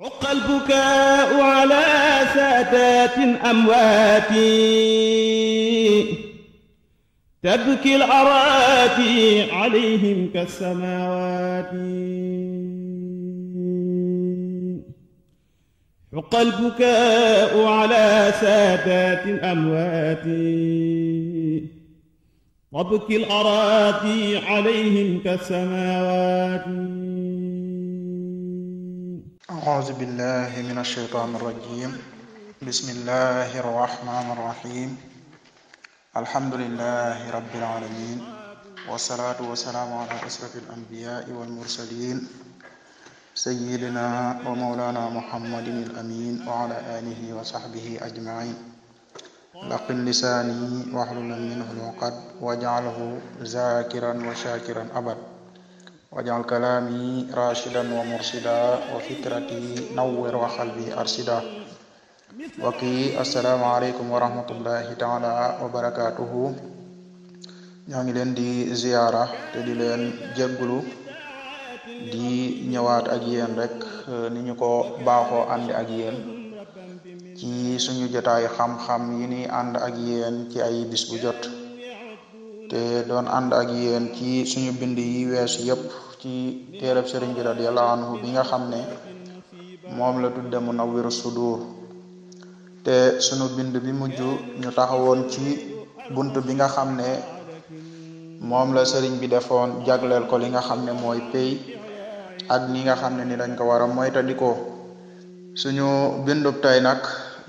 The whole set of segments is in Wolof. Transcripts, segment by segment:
عق البكاء على سادات أمواتي تبكي الأراتي عليهم كالسماوات حق البكاء على سادات أموات تبكي الأراتي عليهم كالسماوات أعوذ بالله من الشيطان الرجيم بسم الله الرحمن الرحيم الحمد لله رب العالمين والصلاة والسلام على أشرف الأنبياء والمرسلين سيدنا ومولانا محمد الأمين وعلى آله وصحبه أجمعين لقن لساني واحلل منه العقد واجعله ذاكرا وشاكرا أبدا wajal kalaami rashidan wa mursida wa fikrati nawwir wa xalbi arsida mbokk yi asalaamaaleykum wa rahmatullahi taala wa barakaatuhu ñoo ngi leen di ziyaara te di leen jéggulu di ñëwaat ak yéen rek eh, ni ñu ko baaxoo ànd ak yéen ci suñu jotaay xam-xam yi ni ànd ak yéen ci ay bis jot te doon ànd ak yéen ci suñu bind yi weesu yépp ci téereb sëriñ bi radiyallahu anhu bi nga xam ne moom la tudd tudde Munawwirus Sudur te suñu bind bi mujj ñu taxawoon ci bunt bi nga xam ne moom la sëriñ bi defoon jagleel ko li nga xam ne mooy pay ak ni nga xam ne ni dañ ko war a moytandikoo suñu bindub tey nag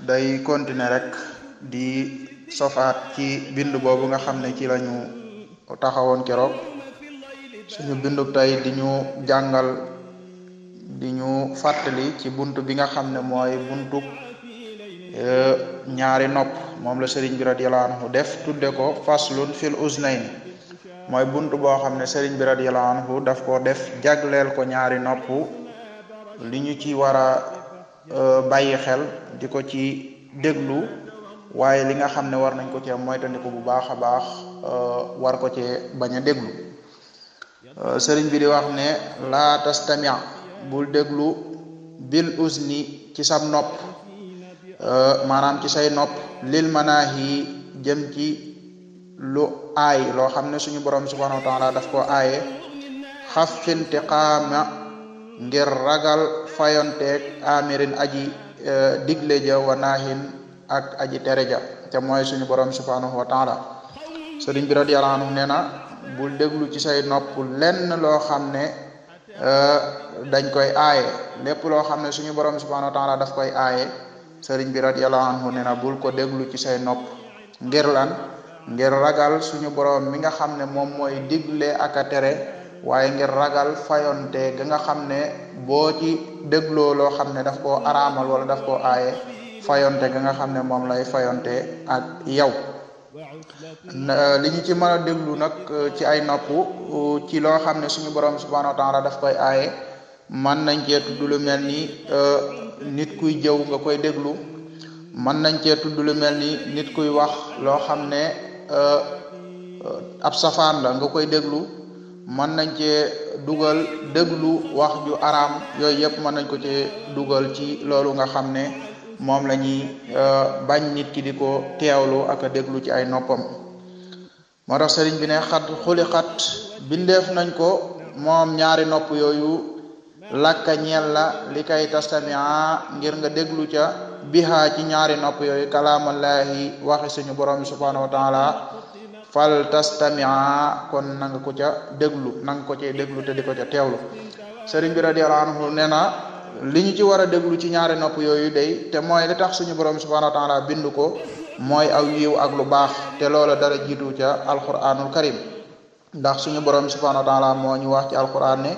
day continuer rek di sofaat ci bind boobu nga xam ne ci lañu taxawoon keroog suñu bindub tey di ñu jàngal di ñu fàttali ci buntu bi nga xam ne mooy buntu eh, ñaari nopp moom la sëriñ bi radiyallahu anhu def tudde ko faslun fil uznayn mooy buntu boo xam ne sëriñ bi radiyallahu anhu daf ko def jagleel ko ñaari nopp li ñu ci war a eh, bàyyi xel di ko ci déglu waaye li nga xam ne war nañ ko cee moytandiku bu baax a baax euh, war ko cee bañ a déglu euh, sëriñ wax ne laata tastamia bul déglu bil usni ci sam nopp euh, maanaam ci say nopp lil manaahi jëm ci lu aay loo xam ne suñu borom subhanahu wa taala daf ko aaye xaf fintiqaama ngir ragal fayonteeg amirin aji digle ja wa naahin ak aji tere ja te mooy suñu borom subhanahu wa taala sëriñ bi radiyallahu anhu nee na bul déglu ci say nopp lenn loo xam ne euh, dañ koy aaye lépp loo xam ne suñu borom subhanahu wa taala daf koy aaye sëriñ bi radiyallahu anhu na bul ko déglu ci say nopp ngir lan ngir ragal suñu borom mi nga xam ne moom mooy digle ak a tere waaye ngir ragal fayonte ga nga xam ne boo ci loo xam ne daf ko araamal wala daf ko aaye fayonte ga nga xam ne moom lay fayonte ak yow li ñu ci mën a déglu nag ci ay nopp ci loo xam ne suñu borom subhanahu wa taala def koy aaye mën nañ cee tudd mel ni e, nit kuy jëw nga koy déglu mën nañ cee tudd mel ni nit kuy wax loo xam ne e, ab safaan la nga koy déglu mën nañ cee dugal déglu wax ju araam yooyu yëpp mën nañ ko cee dugal ci loolu nga xam ne moom la ñuy euh, bañ nit ki di ko teewlu ak a déglu ci ay noppam moo tax sëriñ bi ne xat xuli xat bindeef nañ ko moom ñaari nopp yooyu lakka ñeel la li kay tastamia ngir nga déglu ca bihaa ci ñaari nopp yooyu kalaamallaahi waxe suñu borom bi subhanahu wa taala fal tastamia kon na ko ca déglu na ko ca déglu te di ko ca teewlu sëriñ bi radiallahu anhu nee li ñu ci war a déglu ci ñaari nopp yooyu day te mooy li tax suñu borom subhanahu wa taala bindu ko mooy aw yiw ak lu baax te loola dara jiitu ca alquranul karim ndax suñu borom subhanahu wa taala moo ñu wax ci alquran ne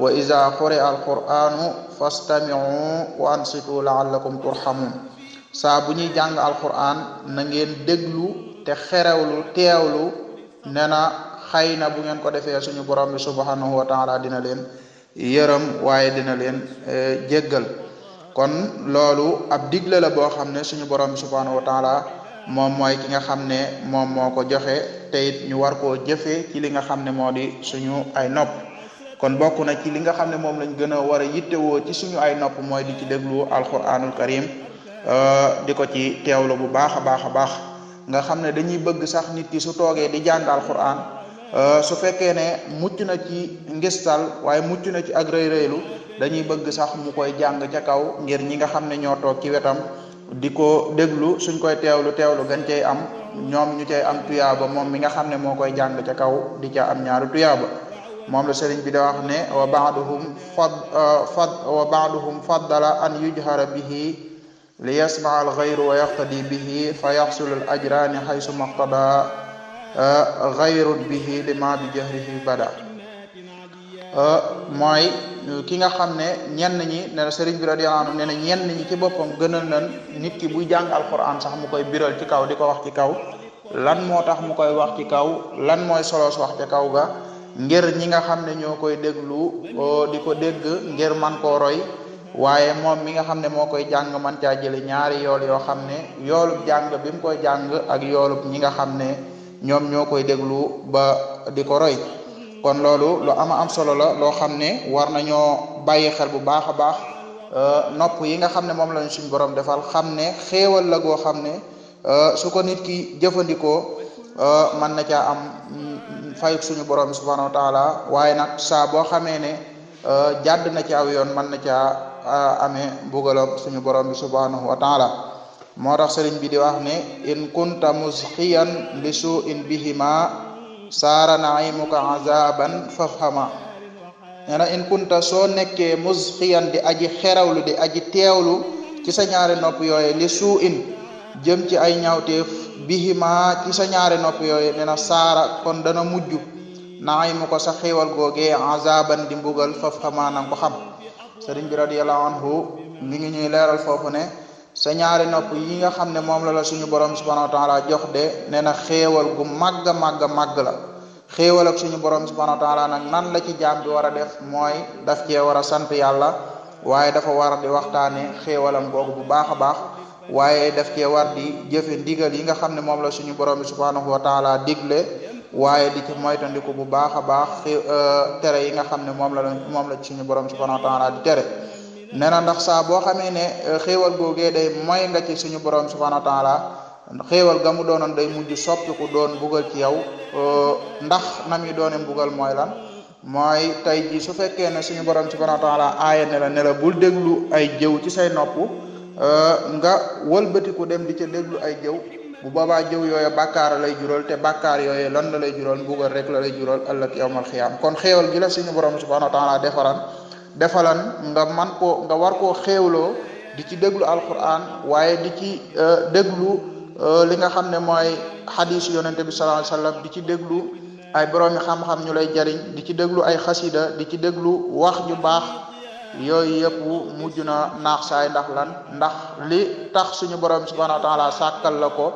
wa iza quri'a alquranu fastami'u wa ansitu la'allakum turhamun saa bu ñuy jàng alquran na ngeen déglu te xerewlu teewlu ne na xëy na bu ngeen ko defee suñu borom bi subhanahu wa taala dina leen yërëm waaye dina leen e, jéggal kon loolu ab digle la boo xam ne suñu borom bi subhanahu wa taala moom mooy ki nga xam ne moom moo ko joxe te it ñu war koo jëfe ci li nga xam ne moo di suñu ay nopp kon bokk na ci li nga xam ne moom lañ gën a war a yittewoo ci suñu ay nopp mooy di ci déglu alquranul karim e, di ko ci teewlu bu baax a baax a baax nga xam ne dañuy bëgg sax nit ki su toogee di jàng alquran Euh, su fekkee ne mucc na ci ngistal waaye mucc na ci ak rëy-rëylu dañuy bëgg sax mu koy jàng ca kaw ngir ñi nga xam ne ñoo toog ci wetam di ko déglu suñ koy teewlu teewlu gan cay am ñoom ñu cay am tuyaaba moom mi nga xam ne moo koy jàng ca kaw di ca am ñaari tuyaaba moom la sëriñ bi da wax ne wa baaduhum fad euh, fad wa baaduhum faddala an yujhara bihi li yasmaa al xayru wa yaqtadi bihi fa yaxsulu al ajraani xaysu maqtada bi euh, bihi lima bi jahrihi bada euh, mooy euh, ki nga xam ne ñenn ñi ne na sëriñ bi radiyallahu anhu ne na ñenn ñi ci boppam gënal nan nit ki buy jàng alquran sax mu koy biral ci kaw di ko wax ci kaw lan moo tax mu koy wax ci kaw lan mooy solos wax ci kaw ga ngir ñi nga xam ne ñoo koy déglu di ko dégg ngir man koo roy waaye moom mi nga xam ne moo koy jàng man caa jële ñaari yool yoo xam ne yoolub jàng bi mu koy jàng ak yoolub ñi nga xam ne ñoom ñoo koy déglu ba di ko roy kon loolu lu ama am solo la loo xam ne war nañoo bàyyi xel bu baax a baax euh, nopp yi nga xam ne moom lañ suñ borom defal xam ne xéewal la goo xam ne euh, su ko nit ki jëfandikoo euh, mën na caa am mm, fayuk suñu borom subhanahu wa taala waaye nag saa boo xamee ne jàdd na ci aw yoon mën na caa amee mbugalam suñu borom bi subhanahu wa taala moo tax sëriñ bi di wax ne in kunta musqiyan li suin bihima saara azaban fafhama nee na in kunta soo nekkee musqiyan di aji xerawlu di aji teewlu ci sa ñaari nopp yooye li ci ay ñaawteef bihima ci sa ñaari nopp yooye kon dana mujj naimuka sa xéewal googee azaban di mbugal fafhama nanga ko xam sëriñ bi radiyallahu anhu mi ngi ñuy leeral foofu ne sa ñaari nopp yi nga xam ne moom la la suñu borom subhanahu wa taala jox de nee na xéewal gu màgg màgg màgg la xéewal suñu borom subhanahu wa taala nag nan la ci jaam war a def mooy daf cee war a sant yàlla waaye dafa war di waxtaane xéewalam googu bu baax a baax waaye daf cee war di jëfe xam ne moom la suñu borom subhanahu wa taala digle waaye di ci moytandiku bu baax a baax euh, tere yi nga xam ne moom la moom la suñu borom subhanahu wa taala di tere nee na ndax saa boo xamee ne eh, xéewal googee day mooy nga ci suñu borom subhanahu wa taala xéewal ga mu doonoon day mujj soppiku doon bugal ci yow eh, ndax na muy doone bugal mooy lan mooy tey ji su fekkee ne suñu borom subhanahu wa taala aaya ne la ne bul déglu ay jëw ci say nopp eh, nga wëlbatiku dem di ca déglu ay jëw bu boobaa jëw yooyu bàkkaar lay jural te bàkkaar yooyu lan la lay jural mbugal rek la lay jural ëllëg yawmal kon xéewal gi la suñu borom subhanahu wa taala defaran defalan nga man ko nga war koo xéewloo di ci déglu alquran waaye di ci euh, déglu euh, li nga xam ne mooy xadis yonente bi sallallahu alayhi wasallam di ci déglu ay boroomi xam ñu lay jariñ di ci déglu ay xasida di ci déglu wax ju baax yooyu yëpp mujj na naax saay ndax lan ndax li tax suñu borom subhanahu wa taala sàkkal la ko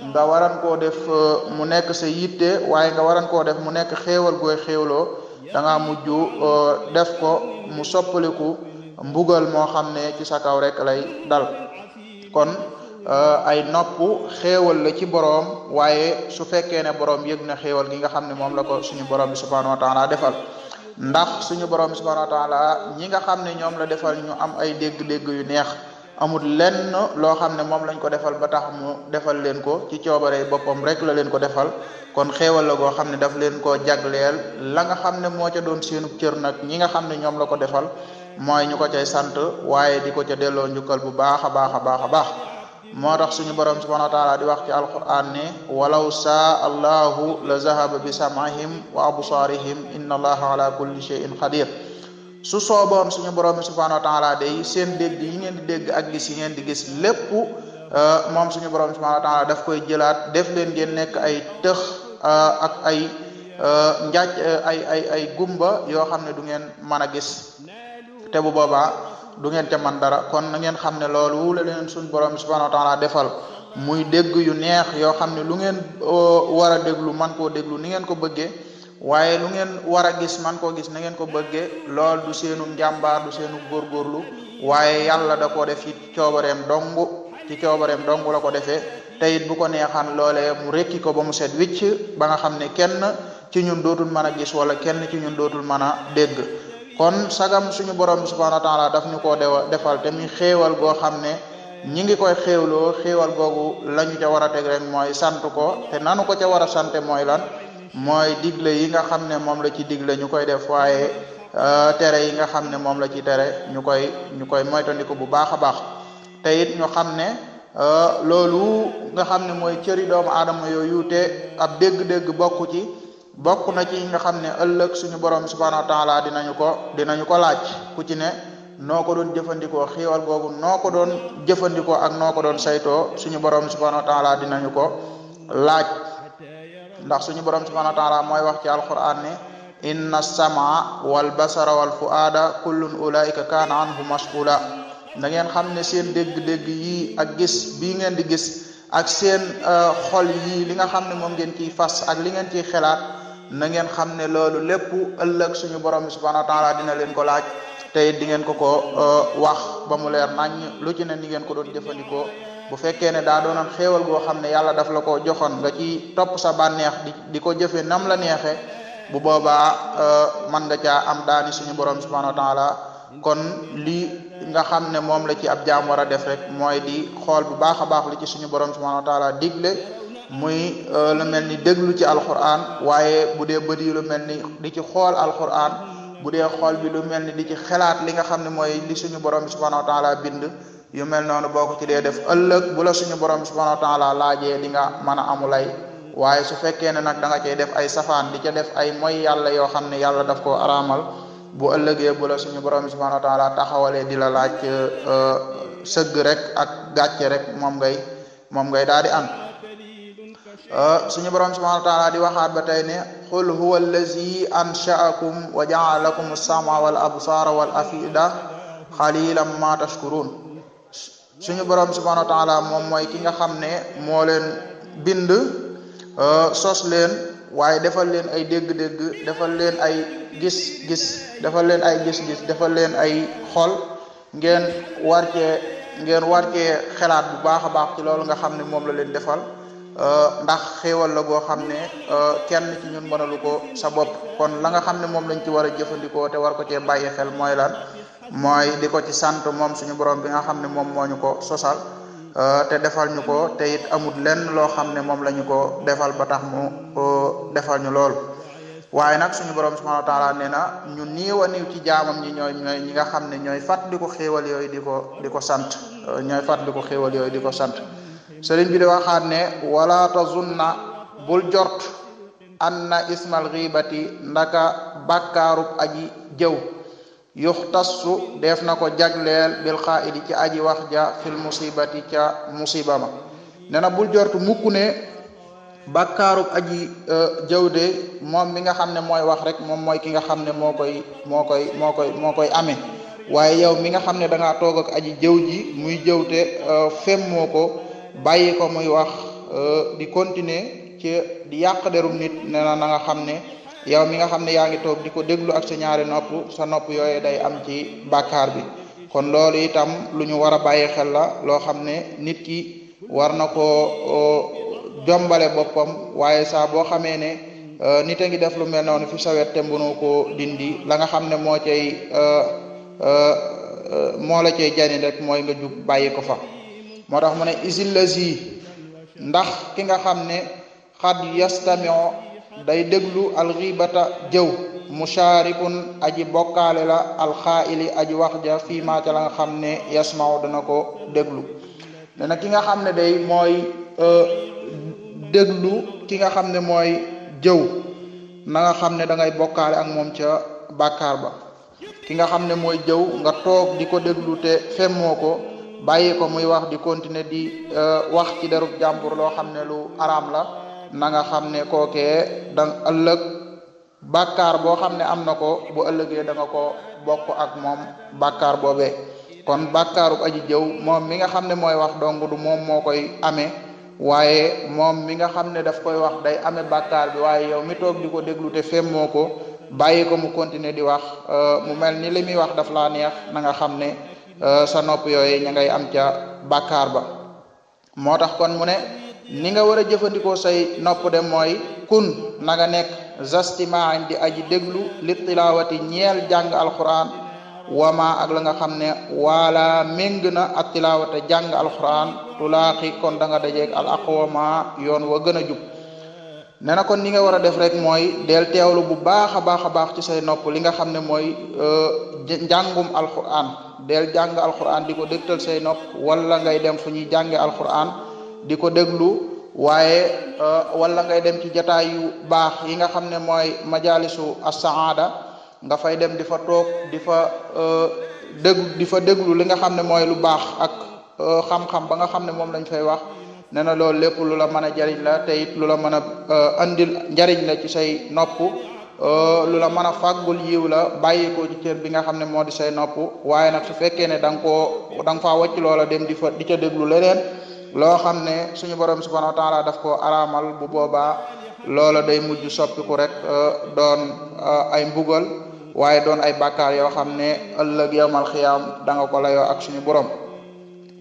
nga waran koo def euh, mu nekk sa yitte waaye nga waran koo def mu nekk xéewal gooy xéewloo danga nga mujj euh, def ko mu soppaliku mbugal moo xam ne ci sa kaw rek lay dal kon euh, ay nopp xewal la ci boroom waaye su fekkee ne boroom yëg na xéewal gi nga xam ne moom la ko suñu boroom bi subhanahu wa taala defal ndax suñu boroom bi subhanahu wa taala ñi nga xam ne ñoom la defal ñu am ay dég dégg yu neex amul lenn loo xam ne moom lañ ko defal ba tax mu defal leen ko ci coobare boppam rek la leen ko defal kon xéewal la goo xam ne daf leen koo jagleel la nga xam ne moo ca doon seenu cër nag ñi nga xam ne ñoom la ko defal mooy ñu ko cay sant waaye di ko ca delloo njukkal bu baax a baax a baax a baax moo tax suñu borom subhanahu wa taala di wax ci alquran ne walaw saa allahu la zahaba bi sam'ihim wa absaarihim inna allaha ala kulli shay'in qadir su sooboon suñu borom bi subhanahu wa taala day seen dégg yi ngeen di dégg ak gis yi ngeen di gis lépp euh, moom suñu borom bi subhanahu wa taala daf koy jëlaat def leen ngeen nekk ay tëx euh, ak ay euh, njaaj ay ay ay gumba yoo xam ne du ngeen mën a gis te bu boobaa du ngeen te man dara kon na ngeen xam ne loolu la leen suñu borom bi subhanahu wa taala defal muy dégg yu neex yoo xam ne lu ngeen war a déglu man koo déglu ni ngeen ko bëggee waaye lu ngeen war a gis man koo gis na ngeen ko bëggee lool du seenu njàmbaar du seenu góorgóorlu waaye yàlla da ko def ci coobareem dong ci coobareem dong la ko defee te it bu ko neexaan loole mu rekki ko ba mu set wicc ba nga xam ne kenn ci ñun dootul mën a gis wala kenn ci ñun dootul mën a dégg kon sagam suñu borom bi subhanahu wa taala daf ñu koo defal te mu xéewal goo xam ne ñi ngi koy xéewloo xéewal googu lañu ca war a teg rek mooy sant ko te nanu ko ca war a sante mooy lan mooy digle yi nga xam ne moom la ci digle ñu koy def waaye euh, tere yi nga xam ne moom la ci tere ñu koy ñu koy moytandiku bu baax a baax te it ñu xam ne euh, loolu nga xam ne mooy cëri doomu aadama yooyu te ab dégg-dégg bokku ci bokk na ci nga xam ne ëllëg suñu borom subhanahu wa taala dinañu ko dinañu ko laaj ku ci ne noo ko doon jëfandikoo xiiwal googu noo ko doon jëfandikoo ak noo ko doon saytoo suñu borom subhanahu wa taala dinañu ko laaj ndax suñu borom subhanahu wa taala mooy wax ci alquran ne inna samaa wal basara wal fuada kullun ulaika kaana anhu mas'ula na ngeen xam ne seen dégg-dégg yi ak gis bii ngeen di gis ak seen euh, xol yi li nga xam ne moom ngeen ci fas ak li ngeen ciy xelaat na ngeen xam ne loolu lépp ëllëg suñu borom bi subhanahu wa taala dina leen ko laaj te it di ngeen ko ko euh, wax ba mu leer nañ lu ci ne ni ngeen ko doon jëfandikoo bu fekkee ne daa doonoon xéewal goo xam ne yàlla daf la ko joxoon nga ci topp sa bànneex di di ko jëfe nam la neexe bu boobaa euh, man nga caa am daani suñu borom subhanahu wa taala kon lii nga xam ne moom la ci ab jaam war a def rek mooy di xool bu baax a baax li ci suñu borom subhanahu wa taala digle muy euh, lu mel ni déglu ci alquran waaye bu dee bët yi lu mel ni di ci xool alquran bu dee xool bi lu mel ni di ci xelaat li nga xam ne mooy li suñu borom subhanahu wa taala bind yu mel noonu boo ko ci dee def ëllëg bu suñu borom subhanahu wa taala laajee di nga mën a amulay waaye su fekkee ne nag danga nga def ay safaan di ca def ay moy yàlla yoo xam ne yàlla daf koo araamal bu ëllëgee bu suñu borom subhanahu wa taala taxawalee di la laaj euh, euh, sëgg rek ak gàcce rek moom ngay moom ngay daal di am euh, suñu borom subhanahu wa taala di waxaat ba tey ne qul huwa allazi ansha'akum wa ja'alakum as-sam'a wal absara wal afida qalilan ma suñu borom subhanahu wa taala moom mooy ki nga xam ne moo leen bind euh, sos leen waaye defal leen ay dégg-dégg defal leen ay gis-gis defal leen ay gis-gis defal leen ay xol ngeen war cee ngeen war xelaat bu baax a baax ci loolu nga xam ne moom la leen defal euh, ndax xéewal la goo xam ne euh, kenn ci ñun mënalu ko sa bopp kon la nga xam ne moom lañ ci war a jëfandikoo te war ko cee bàyyi xel mooy lan mooy di ko ci sant moom suñu borom bi nga xam ne moom moo ñu ko sosal euh, te defal ñu ko te it amul lenn loo xam ne moom lañu ko defal ba tax mu euh, defal ñu lool waaye nag suñu borom subhanahu wa taala nee na ñu niiw a niiw ci jaamam ñi ñooy ñooy ñi nga xam ne ñooy fàttali ko xéewal yooyu di ko di ko sant euh, ñooy fàttali ko xéewal yooyu di ko sant sëriñ bi di waxaat ne wala tazunna bul jort anna ismal ghibati ndaka bàkkaarub aji jëw yuxtassu def na ko jagleel bil xaayidi ci aji wax ja fil musibati ca musiba ma nee na bul jortu mukk ne bàkkaarub aji e, jawde moom mi nga xam ne mooy wax rek moom mooy ki nga xam ne moo koy moo koy moo koy moo koy amee waaye yow mi nga xam ne da ngaa toog ak aji jëw ji muy jëwte fem moo ko ko muy wax e, di continuer ci di yàq derum nit nee na na nga xam ne yow mi nga xam ne yaa ngi toog di ko déglu ak sa ñaari nopp sa noppu yooyu day am ci bàkkaar bi kon loolu itam lu ñu war a bàyyi xel la loo xam ne nit ki war na koo jombale boppam waaye saa boo xamee ne e, nit a ngi def lu mel ne noonu fu sawet te mënoo ko dindi la nga xam ne moo cay e, e, moo la cay jani rek mooy nga jug bàyyi ko fa moo tax mu ne isil ndax ki nga xam ne xad yastamio day déglu alxibata jëw musharikun aji bokkaale la alxaili aji wax ja fii maa ca la nga xam ne yasma dana ko déglu dana ki nga xam ne day mooy euh, déglu ki nga xam ne mooy jëw nanga xam ne dangay ngay bokkaale ak moom ca bàkkaar ba ki nga xam ne mooy jëw nga toog di ko déglu te femmoo ko bàyyi ko muy wax di continuer di euh, wax ci derub jàmbur loo xam ne lu araam la na nga xam ne kookee da ëllëg bàkkaar boo xam ne am na ko bu ëllëgee da nga ko bokk ak moom bàkkaar boobee kon bàkkaarub aji jëw moom mi nga xam ne mooy wax dong du moom moo koy amee waaye moom mi nga xam ne daf koy wax day amee bakaar bi waaye yow mi toog di ko déglu te fem moo ko bàyyi ko mu continuer di wax euh, mu mel ni li muy wax daf laa neex na nga xam ne euh, sa nopp yooyu ña ngay am ca bàkkaar ba moo tax kon mu ne ni nga war a jëfandikoo say nopp de mooy kun na nga nekk zastimaan di aji déglu li tilawati ñeel jàng alquran wama ak la nga xam ne wala méng na ak tilawata jàng alquran tulaaxi kon da nga dajeeg al aqwama yoon wa gën a jub ne na kon ni nga war a def rek mooy del teewlu bu baax a baax a baax ci say nopp li nga xam ne mooy euh, njàngum alquran del jàng alquran di ko dégtal say nopp wala ngay dem fu ñuy jànge alquran di ko déglu waaye euh, wala ngay dem ci jataay baax yi nga xam ne mooy majalisu as-saada nga fay dem difa toog di fa euh, dég di fa déglu li nga xam ne mooy lu baax ak euh, xam-xam ba nga xam ne moom lañ fay wax nee na loolu lépp lu la mën a jariñ la te lu la mën a andil njariñ la ci say nopp lu la mën a fàggul yiw la bàyyi ko ci cër bi nga xam ne moo di say nopp waaye nag su fekkee ne dang nga koo da faa loola dem di fa di ca déglu leneen loo xam ne suñu borom subhanahu wa taala daf ko araamal bu boobaa loola day mujj soppiku rek euh, doon euh, ay mbugal waaye doon ay bàkkaar yoo xam ne ëllëg yowmal xiyaam da nga ak suñu borom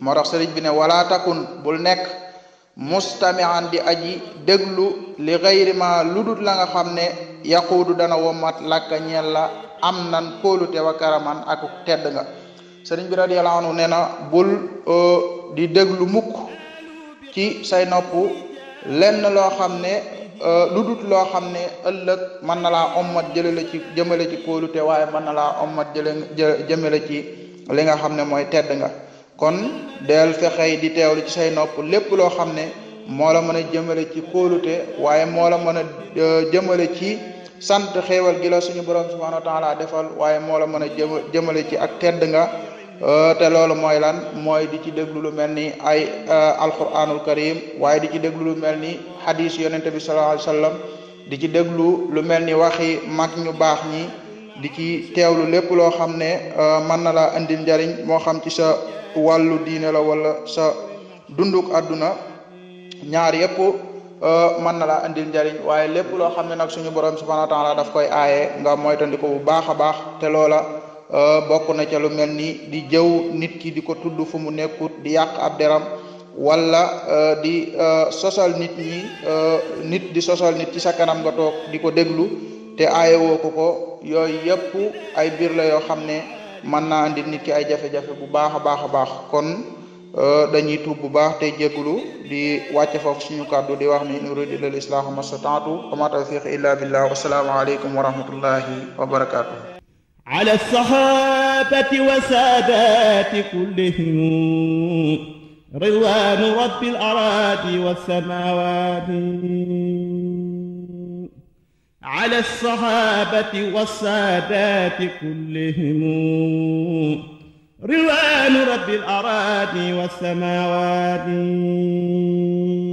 moo tax sëriñ bi ne wala takun bul nekk mustami'an di aji déglu li xayri ma ludut la xam ne yaquudu dana womat lakka ñeel la am nan kóolute wa karaman ak tedd nga sëriñ bi radiyallahu anhu nee na bul euh, di déglu mukk ci say nopp lenn loo xam ne euh, lu dut loo xam ne ëllëg mën na laa ommat jële la ci jëmale ci kóolute waaye mën na laa ommat jële jëmale ci li nga xam ne mooy tedd nga kon del fexey di teewlu ci say nopp lépp loo xam ne moo la mën a jëmale ci kóolute waaye moo la mën a euh, jëmale ci sant xéewal gi la suñu borom subhanahu wa taala defal waaye moo la mën a jëmale ci ak tedd nga Euh, te loolu mooy lan mooy di ci déglu lu mel ni ay euh, alquranul karim waaye di ci déglu lu mel ni hadis bi sallallahu alayhi wa di ci déglu lu mel ni waxi mag ñu baax ñi di ci teewlu lépp loo xam ne euh, mën na laa indil njariñ moo xam ci sa wàllu diinela wala sa dunduk àdduna ñaar yëpp man na laa indil njariñ waaye lépp loo xam ne nag suñu borom subhanahu wa taala daf koy aaye nga moytandiku bu baax a baax te loola Euh, bokk na ca lu mel ni di jëw nit ki di ko tudd fu mu nekkut di yàq ab deram wala euh, di euh, sosal nit ñi nit di sosal nit ci sa kanam nga toog di ko déglu te aayewoo ko ko yooyu yëpp ay biir la yoo xam ne mën naa andi nit ki ay jafe-jafe bu baax a baax a baax kon dañuy tuub bu baax te jégalu di wàcce foofu ñu kàddu di wax ni in uridu illa al islaaha mastata'tu wa ma tawfiqi illa billah wa salaamu aleykum wa rahmatullahi wa barakatuh على الصحابة والسادات كلهم رضوان رب الأراضي والسماوات على الصحابة والسادات كلهم رضوان رب الأراضي والسماوات